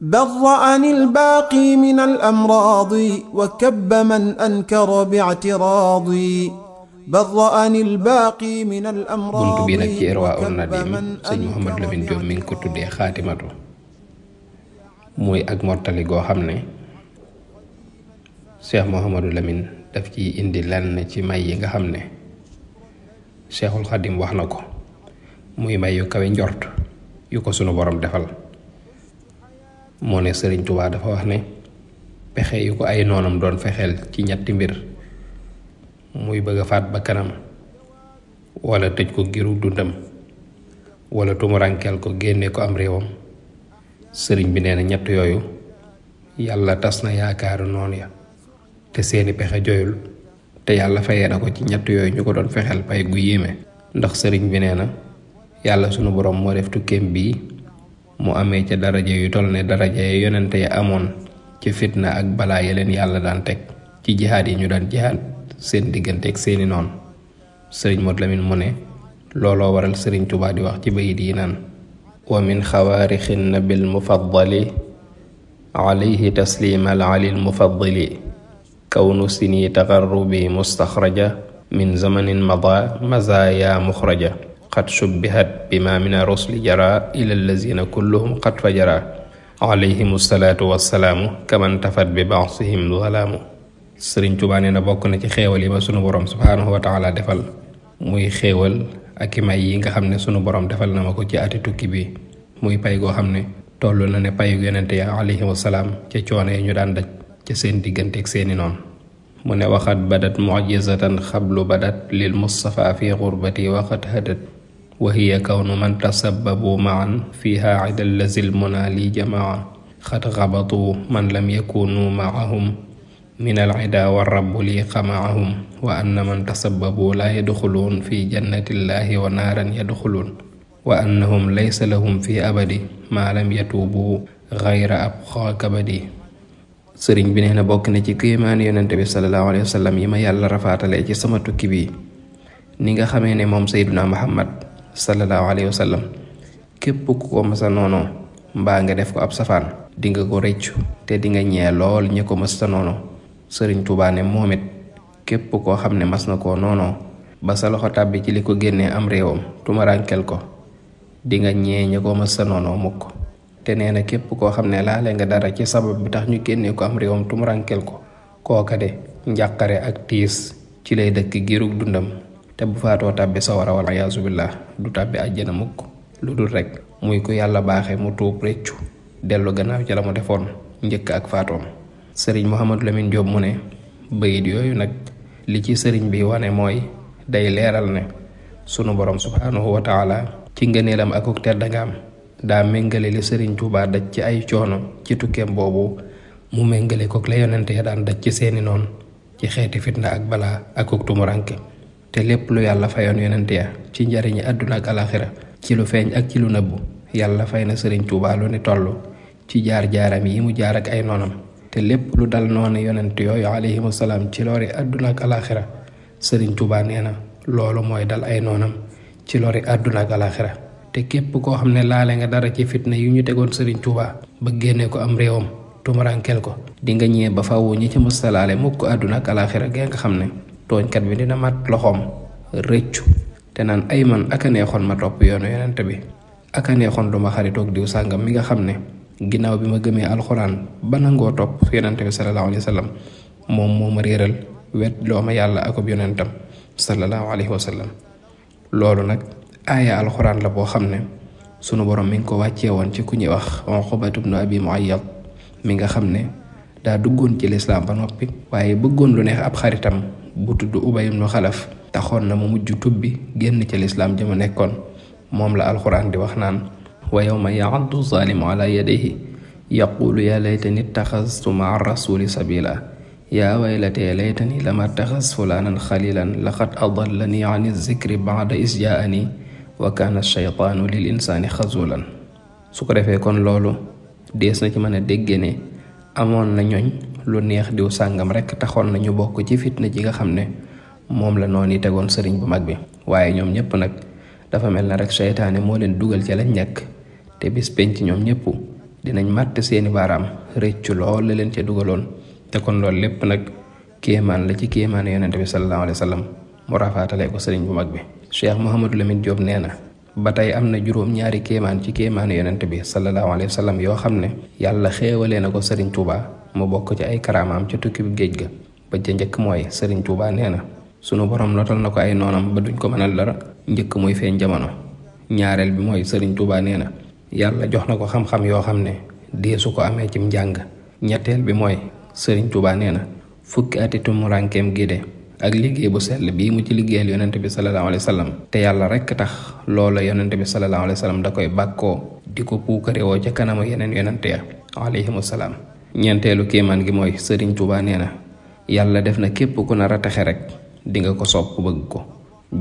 برأ الباقي من الأمراض وكب من أنكر باعتراضي barra'ani al-baaqi min al-amraadi buntu bi nag ci irwa ul nadim sëñ Mouhamad Lamine Diop mi ngi ko tuddee xaatimatu muy ak mottali goo xam ne Cheikh Mouhamadou Lamine daf ci indi lenn ci may yi nga xam ne Cheikhul Xadim wax na ko muy may yu kawe njort yu ko sunu borom defal moo ne sëriñ tubaa dafa wax ne pexe yu ko ay noonam doon fexeel ci ñetti mbir muy bëgg faat ba kanam wala tëj ko giru dundam wala rankel ko génne ko am réewam sëriñ bi nee na ñett yooyu yàlla tas na yaakaaru ya te seeni pexe joyul te yàlla fayee na ko ci ñett yooyu ñu ko doon fexeel pay gu yéeme ndax sëriñ bi nee na yàlla sunu borom moo def tukkeem bii mu amee ca daraja yu toll ne daraja ya yonente ya amoon ci fitna ak bala ya leen yàlla daan teg ci jihaad yi ñu daan jihaad seen diggante ak seeni noonu sëriñ Modou Lamine mu ne looloo waral sëriñ Tuubaa di wax ci bayit yi naan wa min xawaarixi nabi lmufaddali alayhi taslima alali lmufaddili kawnu sini taxarrubi mustaxraja min zamanin mada mazaaya muxraja qad subbihat bima mina rusli jara ila allazina kulluhum qad fajara alayhim salaatu wassalaamu kaman tafat bi baasihim zalaamu sëriñ Tuubaa nee na bokk na ci xéewal yi ma sunu borom subhaanahu wa defal muy xéewal ak i may yi nga xam ne sunu borom defal na ma ko ci ati tukki bi muy pay goo xam ne toll na ne pay yonente ya alayhim salaam ca coono yi ñu daan daj ca seen digganteeg seeni noonu mu ne waxat badat mujizatan xablu badat lil mustafa fi xurbati waxat hadat وهي كون من تسببوا معا فيها هاعد الذي المنالي جماعة قد غبطوا من لم يكونوا معهم من العدا والرب ليق معهم وأن من تسببوا لا يدخلون في جنة الله ونارا يدخلون وأنهم ليس لهم في أبدي ما لم يتوبوا غير أبقى كبدي سرين bi nee na bokk na ci kéemaan yonente bi sallallahu alayhi wa sallam yi ma yàlla rafaatalee ci sama tukki bi sallallahu alayhi wa sallam képp ku ko mësa noonoo mbaa nga def ko ab safaan dinga ko rëccu te dinga ñee lool ñi ko mës sa noonoo sëriñ Tuubaa ne moom it képp koo xam ne mës na koo noonoo ba sa loxo tàbbi ci li ko génnee am réewam tumarankel ko dinga ñee ñi ko mës sa noonoo mukk te nee na képp koo xam ne laale nga dara ci sabab bi tax ñu génnee ko am réewam tumarankel ko kooka de njàqare ak tiis ci lay dëkk giirug dundam te faatoo tàbbi sawara wala yaasu billah du tàbbi àjjana mukk lu dul rekk muy ku yàlla baaxe mu tuub réccu dellu gannaaw ci la mu defoon njëkk ak faatoom sëriñ Mouhamadou Lamine Diop mu ne bayit yooyu nag li ci sëriñ bi wane mooy day leeral ne sunu borom subhaanahu wa ci ngëneelam akuk teddangaam daa méngale li sëriñ Tuubaa daj ci ay coono ci tukkeem boobu mu méngale kook la yonente daan daj ci seeni noon ci xeeti fitna ak balaa akuk tumuranke te lépp lu yàlla fayoon yonent ya ci njariñi àdduna ak alaxira ci lu feeñ ak ci lu nëbbu yàlla fay na sëriñ Tuubaa lu ni toll ci jaar-jaaram yi mu jaar ak ay noonam te lépp lu dal noonu yonent yooyu alayhimu salaam ci lori àdduna ak alaxira sëriñ Tuubaa nee na loolu mooy dal ay noonam ci lori àdduna ak alaxira te képp koo xam ne laale nga dara ci fitna yi ñu tegoon sëriñ Tuubaa ba génne ko am réewam tumurankeel ko di nga ñëwee ba fawwu ñi ci mustalaale mukk àdduna ak alaxira xam ne tooñkat bi dina mat loxom reccu te naan ay man aka neexoon ma topp yoonu yonent bi aka neexoon duma xaritoog diw sàngam mi nga xam ne ginnaaw bi ma gëmee alxuraan ba nangoo topp bi sallallahu alayhi wasallam sallam moom moo ma réeral wet loo ma yàlla akub yonentam sallallahu alayhi wasallam sallam loolu nag aaya alxuraan la boo xam ne sunu borom mi ngi ko wàccee woon ci ku ñuy wax Uqbatu bnu Abi Muayyad mi nga xam ne daa duggoon ci lislaam ba noppi waaye bëggoon lu neex ab xaritam bu tudd ubay ibnu xalaf taxoon na mu mujj tubbi génn ci lislaam ja mu nekkoon moom la alxuraan di wax naan wa yawma ya'addu zaalimu ala yadayhi yaquulu yaa laytani ittaxastu maa rasuli sabila yaa waylatee laytani lama taxas fulaanan xalilan laqad adallani an zikri bada is jaani wa kaana shaytaanu lil insaani xazulan su ko defee kon loolu dees na ci mën a dégge ne amoon na ñoñ lu neex diw sàngam rekk taxoon nañu bokk ci fitna ji nga xam ne moom la noon yi tegoon sëriñ bu mag bi waaye ñoom ñépp nag dafa mel na rek seytaane moo leen dugal ci lañ nekk te bis penc ñoom ñépp dinañ màtt seeni baaraam rëccu lool la leen ca dugaloon te kon loolu lépp nag kéemaan la ci kéemaan yonente bi sallallahu alayhi wa sallam mu rafaatalee ko sëriñ bu mag bi Cheikh Mouhamadou Lamine Diop nee na ba tey am na juróom ñaari kéemaan ci kéemaanu yonente bi sallallahu sallam yoo xam ne yàlla xéewalee na ko sëriñ Tuubaa mu bokk ci ay karaamaam ca tukki bi géej ga ba ca njëkk mooy sëriñ Tuubaa nee na sunu borom lotal na ko ay noonam ba duñ ko mënal dara njëkk muy feeñ jamono ñaareel bi mooy sëriñ Tuubaa nee na yàlla jox na ko xam yoo xam ne deesu ko amee cim njàng ñetteel bi mooy sëriñ Tuubaa nee na fukki ati tumuraankeem gi de ak liggéey bu sell bii mu ci liggéeyal yonent bi salallaahu alayhi wa sallam te yàlla rekk tax loola yonent bi salallaahu alayhi wa da koy bàkkoo di ko puukarewoo ca kanamu yeneen yonent ya alayhimu salaam ñeenteelu kéemaan gi mooy sëriñ Tuubaa nee na yàlla def na képp ku nar a rek di nga ko sopp bëgg ko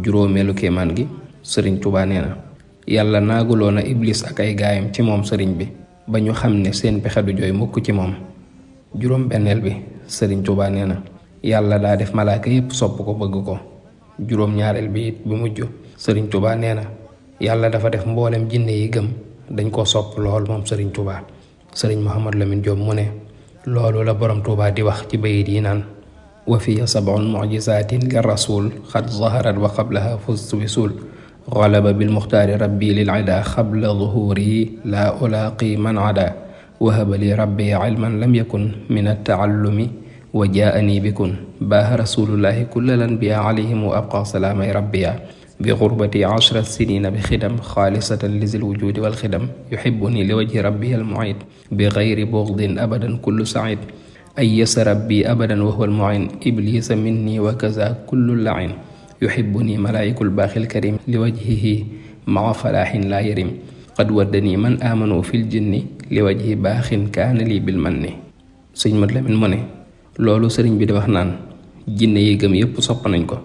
juróomeelu kéemaan gi sëriñ Tuubaa na yàlla naaguloo na iblis ay gaayam ci moom sëriñ bi ba ñu xam ne seen pexe du ci moom juróom bi sëriñ na yàlla daa def malaaka sopp ko bëgg ko juróom bi it bi mujj sëriñ Tuubaa na yàlla dafa def mboolem jinne yi gëm dañ ko sopp lool moom sëriñ Tuubaa سرين محمد لمن جوم موني لولو لا بروم توبا دي واخ تي وفي سبع معجزات للرسول قد ظهرت وقبلها فزت بسول غلب بالمختار ربي للعدا قبل ظهوري لا ألاقي من عدا وهب لي ربي علما لم يكن من التعلم وجاءني بكن باه رسول الله كل الأنبياء عليهم وأبقى سلامي ربي بغربة عشر سنين بخدم خالصة لذي الوجود والخدم يحبني لوجه ربي المعيد بغير بغض أبدا كل سعيد أيس ربي أبدا وهو المعين إبليس مني وكذا كل اللعين يحبني ملائك الباخ الكريم لوجهه مع فلاح لا يرم قد ودني من آمنوا في الجن لوجه باخ كان لي بالمن sëñ mat lamin mu ne loolu sëriñ bi di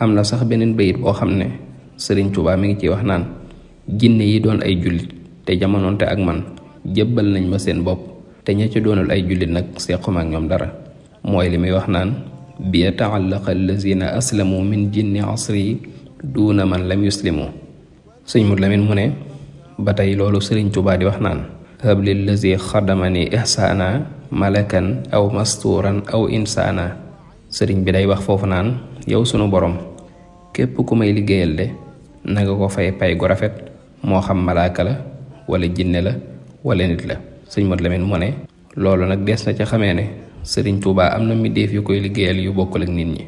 am na sax beneen bayit boo xam ne sëriñ Tuubaa mi ngi ciy wax naan jinne yi doon ay jullit te jamonoonte ak man jébbal nañ ma seen bopp te ña ci doonul ay jullit nag sequma ak ñoom dara mooy li muy wax naan bi yatacallaqa allazina aslamu min jinni asri duuna man lam yuslimu sëñ Mut Lamin mu ne ba tey loolu sëriñ Tuubaa di wax naan hablillazi xadamani ihsaana malakan aw mastuuran aw insaana sëriñ bi day wax foofu naan yow sunu borom képp ku may liggéeyal de nanga ko fay pay gu rafet moo xam malaaka la wala jinne la wala nit la sëñ Modou Lamine mu ne loolu nag des na ci xamee ne sëriñ Touba am na mi mbindéef yu koy liggéeyal yu bokkul ak nit ñi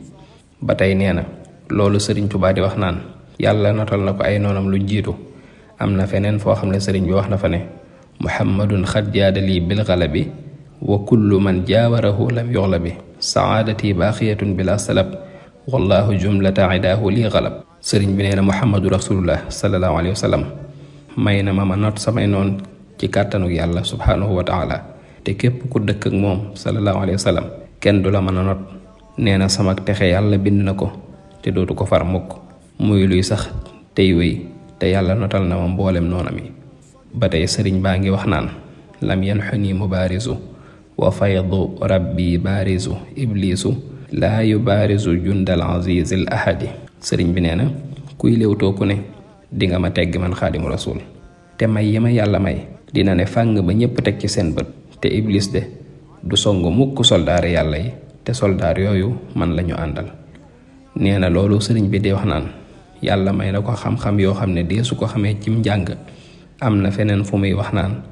ba tey nee na loolu sëriñ Touba di wax naan yàlla notal na ko ay noonam lu jiitu am na feneen foo xam ne sëriñ bi wax na fa ne muhammadun xad jaadali bil bi wa kullu man jaawarahu lam yoxla bi saadati baaqiyatun bila salab والله جملة عداه لي غلب سرين بنينا محمد رسول الله صلى الله عليه وسلم ما ينما ما نرسى ما ينون كي كاتنو يالله سبحانه وتعالى تكيب كود موم صلى الله عليه وسلم كن دولا ما ننط نينا سمك تخي يالله بنينكو تدوت كفر موك مويلو يسخ تيوي تيالا نطلنا من بولم نونمي بدأ سرين بانجي وحنان لم ينحني مبارزو وفيض ربي بارزو إبليسو laa yubaarisu jundal azizil ahadi sëriñ bi neena na kuy léewtoo ku ne di nga ma tegg man xaadimu rasul te may yi ma yàlla may dina ne fàng ba ñépp teg ci seen bët te iblis de du song mukk soldaar yàlla yi te soldaar yooyu man lañu àndal nee na loolu sëriñ bi di wax naan yàlla may na ko xam-xam yoo xam ne su ko xamee cim njàng am na feneen fu muy wax naan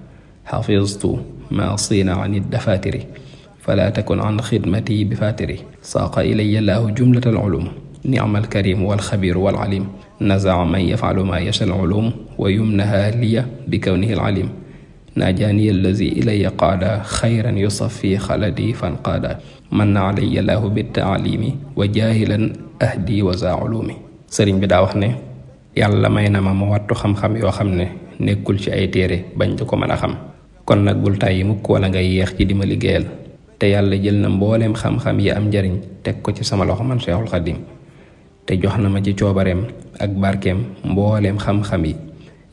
xafiztu ma sina anit dafatiri فلا تكن عن خدمتي بفاتري ساق إلي الله جملة العلوم نعم الكريم والخبير والعليم نزع من يفعل ما يشاء العلوم ويمنها لي بكونه العليم ناجاني الذي إلي قاد خيرا يصفي خلدي فانقاد من علي الله بالتعليم وجاهلا أهدي وزا علومي سرين بدا daa يالا ne yàlla موات خم خم ma wattu xam-xam yoo xam ne nekkul ci ay téere bañ di ko mën a xam kon nag bul tàyyi mukk te yàlla jël na mbooleem xam-xam yi am njariñ teg ko ci sama loxo man Seexul Xadim te jox na ma ci coobareem ak barkeem mbooleem xam-xam yi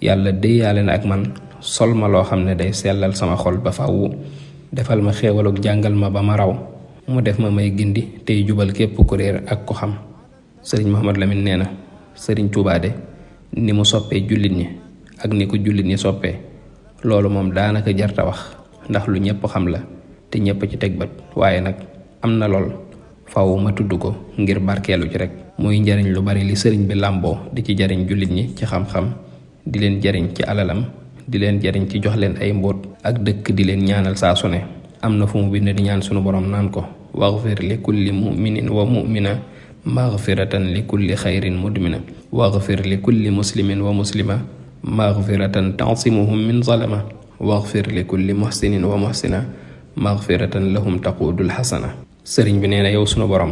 yàlla déyaale na ak man sol ma loo xam ne day sellal sama xol ba faw defal ma xéewaloog jàngal ma ba ma raw mu def ma may gindi tey jubal képp ku réer ak ko xam sëriñ Muhammad Lamin nee na sëriñ Tuubaa ni mu soppee jullit ñi ak ni ko jullit ñi soppee loolu moom daanaka jarta wax ndax lu ñépp xam la te ñépp ci teg bët waaye nag am na lool faw tudd ko ngir barkeelu ci rek muy njariñ lu bari li sëriñ bi làmboo di ci jariñ jullit ñi ci xam-xam di leen jariñ ci alalam di leen jariñ ci jox leen ay mbóot ak dëkk di leen ñaanal saa su ne am na fu mu bind di ñaan sunu borom naan ko waxfir li kulli muminin wa mumina maxfiratan li kulli xayrin mudmina waxfir li kulli muslimin wa muslima maxfiratan tansimuhum min zalama waxfir li kulli muhsinin wa maxfiratan lahum taqudul xasana sëriñ bi nee na yow sunu borom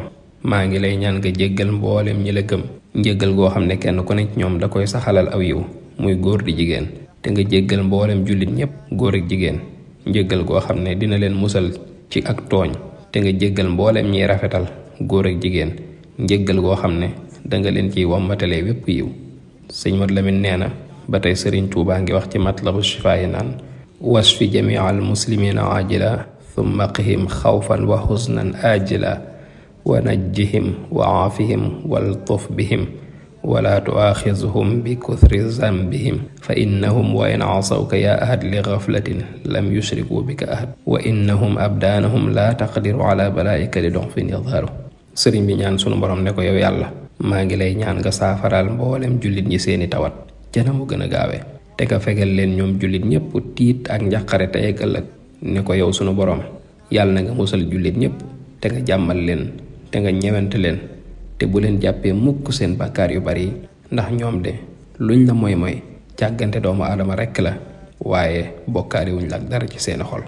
maa ngi lay ñaan nga jéggal mbooleem ñi la gëm njéggal goo xam ne kenn ku ne ñoom da koy saxalal aw yiw muy góor di jigéen te nga jéggal mbooleem jullit ñépp góor ak jigéen njéggal goo xam ne dina leen musal ci ak tooñ te nga jéggal mbooleem ñi rafetal góor ak jigéen njéggal goo xam ne danga leen ciy wammatale wépp yiw sëñ Mat Lamin nee na ba tey sëriñ Tuubaa ngi wax ci matlabu shifaa yi naan wasfi jamii al muslimiina ajila thumma qihim xawfan wa xusnan ajila wa najjihim wa wa waltuf bihim wala tuaaxizhum bi kuthri zambihim fa innahum wa in asawka yaa ahad li gaflatin lam yushriku bika ahad wa innahum abdaanahum laa taqdiru ala balaa'ika li dox fin yadharu sëriñ ñaan sunu borom ne ko yow yàlla maa ngi lay ñaan nga saafaraal mboolem jullit ñi seeni tawat jana mu gën a gaawee te nga fegal leen ñoom jullit ñépp tiit ak njaqare tey ne ko yow sunu borom yàlla na nga musal jullit ñépp te nga jàmmal leen te nga ñewent leen te bu leen jàppee mukk seen bàkkaar yu bari ndax ñoom de luñ la moy moy càggante doomu aadama rek la waaye bokkaari wuñ la dara ci seen xol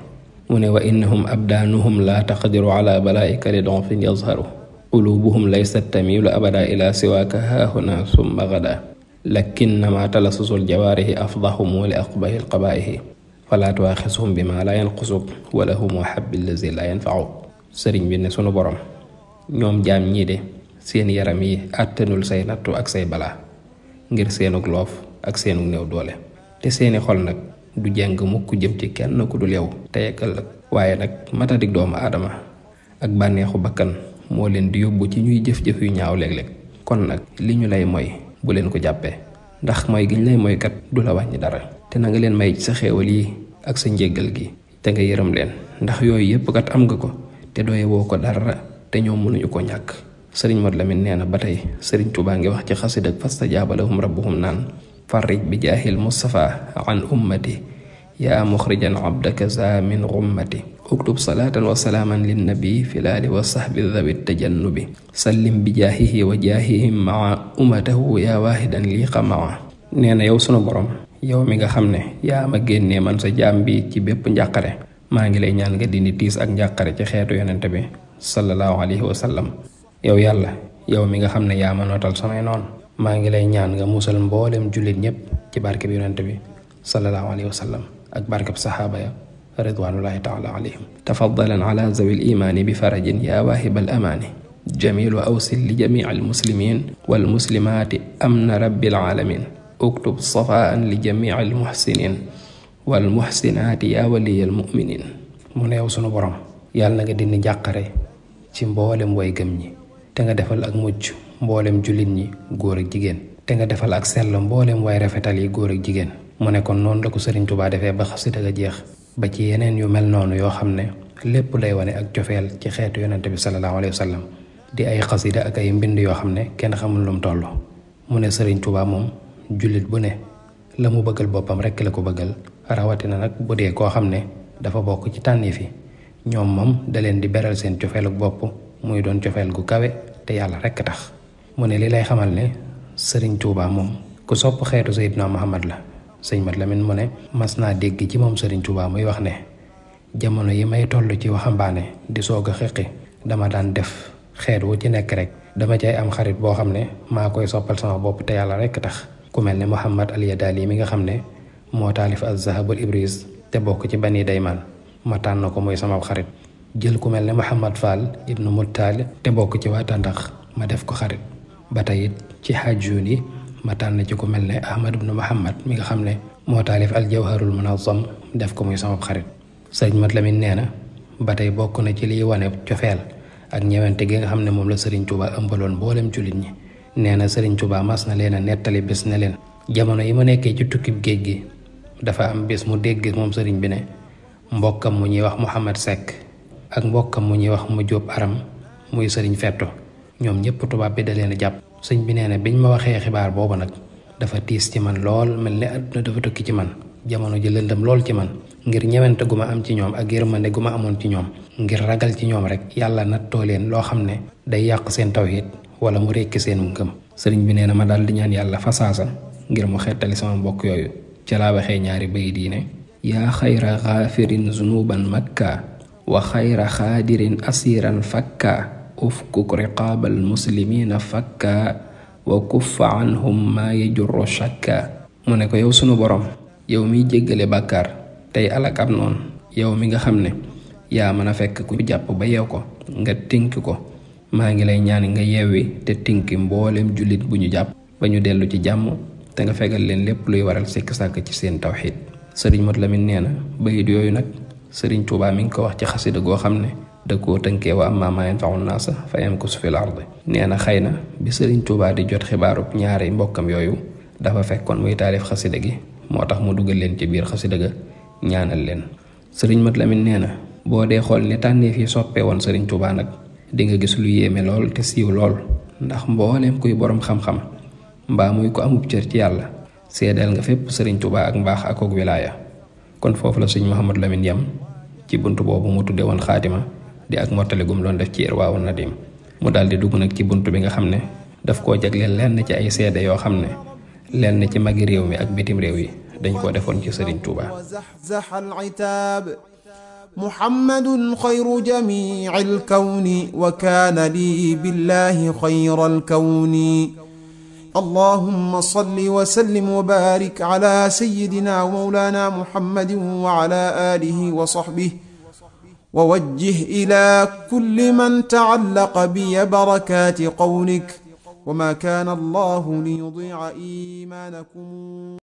mu ne wa innahum abdanuhum la taqdiru ala balaa'ika li donfin yazharu qulubuhum laysat tamil abada ila siwaaka haahuna summa gada lakinnama talasusul jawaarihi afdahumu li aqbahi alqabaa'ihi wala tuwaaxisuhum bi ma laa yanqusuk wala hum waxab illazi laa yanfaxuk sëriñ bi ne sunu borom ñoom jaam ñii de seen yaram yi àttanul say nattu ak say balaa ngir seenug loof ak seenug néew doole te seeni xol nag du jàng mukk jëm ci kenn ku dul yow te ak ëllëg waaye nag matadik doomu aadama ak bànneexu bakkan moo leen di yóbbu ci ñuy jëf-jëf yu ñaaw léeg-léeg kon nag li ñu lay moy bu leen ko jàppee ndax mooy giñ lay moykat du la wàññi dara te na nga leen may sa xéewal yi ak sa njéggal gi te nga yërëm leen ndax yooyu yëpp kat am nga ko te doye woo ko dara te ñoom mënuñu ko ñàkk sëriñ Mor Lamine nee na ba tey sëriñ Tuubaa ngi wax ci xasida fastajaaba lahum rabbuhum naan farrij bi jaahil Mustafa an ummati yaa muxrijan abdaka za min xummati uktub salaatan wa salaaman linnabi filaali wa saxbi dhawi tajannubi sallim bi jaahihi wa jaahihim maa umatahu yaa waahidan lii qamaa nee na yow sunu borom yow mi nga xam ne yaa ma génne man sa jaam bi ci bépp njàqare maa ngi lay ñaan nga dindi tiis ak njàqare ci xeetu yonente bi sallallahu alayhi wa sallam yow yàlla yow mi nga xam ne yaa ma notal samay noon maa ngi lay ñaan nga musal mboolem jullit ñépp ci barke bi yonente bi sallallahu alayhi wa sallam ak barkab sahaba ya ridwanullahi taala alayhim tafadalan ala zawi limaani bi farajin yaa waahiba al amaani jamilu awsil li jamii al muslimin wal muslimaati اكتب صفاء لجميع المحسنين والمحسنات يا ولي المؤمنين من يا سونو بروم يال نغا دي نياخاري سي مبولم واي گم ني تاغا ديفال اك موچ مبولم جولين ني غور جيجين تاغا ديفال اك سيل مبولم واي رافيتال يي غور جيجين من كون نون لاكو سيرن توبا ديفه با خاسي داغا جيخ با سي يينن يو مل نون يو خامني لپ لاي واني اك جوفيل سي خيت يونتبي صلى الله عليه وسلم دي اي قصيده اك اي مبند يو خامني كين خامل لوم تولو من سيرن توبا موم jullit bu ne la mu bëggal boppam rekk la ko bëggal rawatina nag bu dee koo xam ne dafa bokk ci tànneef yi ñoom moom da leen di beral seen cofeelu bopp muy doon cofeel gu kawe te yàlla rekk tax mu ne li lay xamal ne sëriñ Tuubaa moom ku sopp xeetu Seydina Muhammad la sëñ Mat Lamin mu ne mas naa dégg ci moom sëriñ Tuubaa muy wax ne jamono yi may toll ci waxambaane di soog a xëqi dama daan def xeet wu ci nekk rek dama cay am xarit boo xam ne maa koy soppal sama bopp te yàlla rekk tax ku mel ne Muhammad al-Yadali mi nga xam ne moo taalif az-Zahabul Ibris te bokk ci bani Dayman ma tànn ko muy sama xarit jël ku mel ne Muhammad Fall ibnu Muttaal te bokk ci waa Tàndax ma def ko xarit ba tey it ci xaajuun yi ma tànn ci ku mel ne Ahmad ibnu Muhammad mi nga xam ne moo taalif al-Jawharul Munazzam def ko muy sama xarit sëriñ Mat Lamin nee na ba tey bokk na ci liy wane cofeel ak ñewante gi nga xam ne moom la sëriñ Tuubaa ëmbaloon mboolem jullit ñi nee na Sëriñ Tuubaa mas na leen a nettali bés ne leen jamono yi ma nekkee ci tukkib géej gi dafa am bés mu dégg moom sëriñ bi ne mbokkam mu ñuy wax Mouhamed Seck ak mbokkam mu ñuy wax mu Jóob Aram muy sëriñ Fetto ñoom ñëpp tubaab bi da leen a jàpp sëñ bi nee na ñu ma waxee xibaar boobu nag dafa tiis ci man lool mel ni àdduna dafa tukki ci man jamono ji lëndëm lool ci man ngir ñewante gu ma am ci ñoom ak yërmande gu ma amoon ci ñoom ngir ragal ci ñoom rek yàlla nattoo leen loo xam ne day yàq seen tawhid wala mu rekki seenu ngëm sëriñ bi nee na ma daal di ñaan yàlla fasaasa ngir mu xettali sama mbokk yooyu ca laa waxee ñaari bay diine yaa xayra xaafirin zunuban makka wa xayra xaadirin asiran fakka ufkuk riqaabal muslimina fakka wa kuffa anhum maa yajurru shakka mu ne ko yow sunu borom yow mi jéggale bàkkaar tey alak ab noonu yow mi nga xam ne yaa mën a fekk ku jàpp ba yeew ko nga tënk ko maa ngi lay ñaan nga yewwi te tinki mbooleem jullit bu ñu jàpp ba ñu dellu ci jàmm te nga fegal leen lépp luy waral sikk sàkk ci seen tawxiid sëriñ la mit nee na bayit yooyu nag sëriñ Tuubaa mi ngi ko wax ci xasida goo xam ne da koo tënkee wa ammaa maa naa sa fa ko fil ardi nee na xëy na bi sëriñ Tuubaa di jot xibaaru ñaari mbokkam yooyu dafa fekkoon muy taalif xasida gi moo tax mu dugal leen ci biir xasida ga ñaanal leen sëriñ Mat Lamin nee na boo dee xool ni tànneef yi woon sëriñ nag di nga gis lu yéeme lool te siiw lool ndax mbooleem kuy boroom xam-xam mbaa muy ko amub cër ci yàlla seedeel nga fépp sëriñ tubaa ak mbaax ak ak wilaaya kon foofu la sëñ Muhammad Lamin yam ci bunt boobu mu tudde woon xaatima di ak mottali gum doon def ci na Nadim mu daal dugg nag ci bunt bi nga xam ne daf koo jagleel lenn ci ay seede yoo xam ne lenn ci magi réew mi ak bitim réew yi dañ koo defoon ci sëriñ tubaa محمد خير جميع الكون وكان لي بالله خير الكون اللهم صل وسلم وبارك على سيدنا ومولانا محمد وعلى آله وصحبه ووجه إلى كل من تعلق بي بركات قولك وما كان الله ليضيع إيمانكم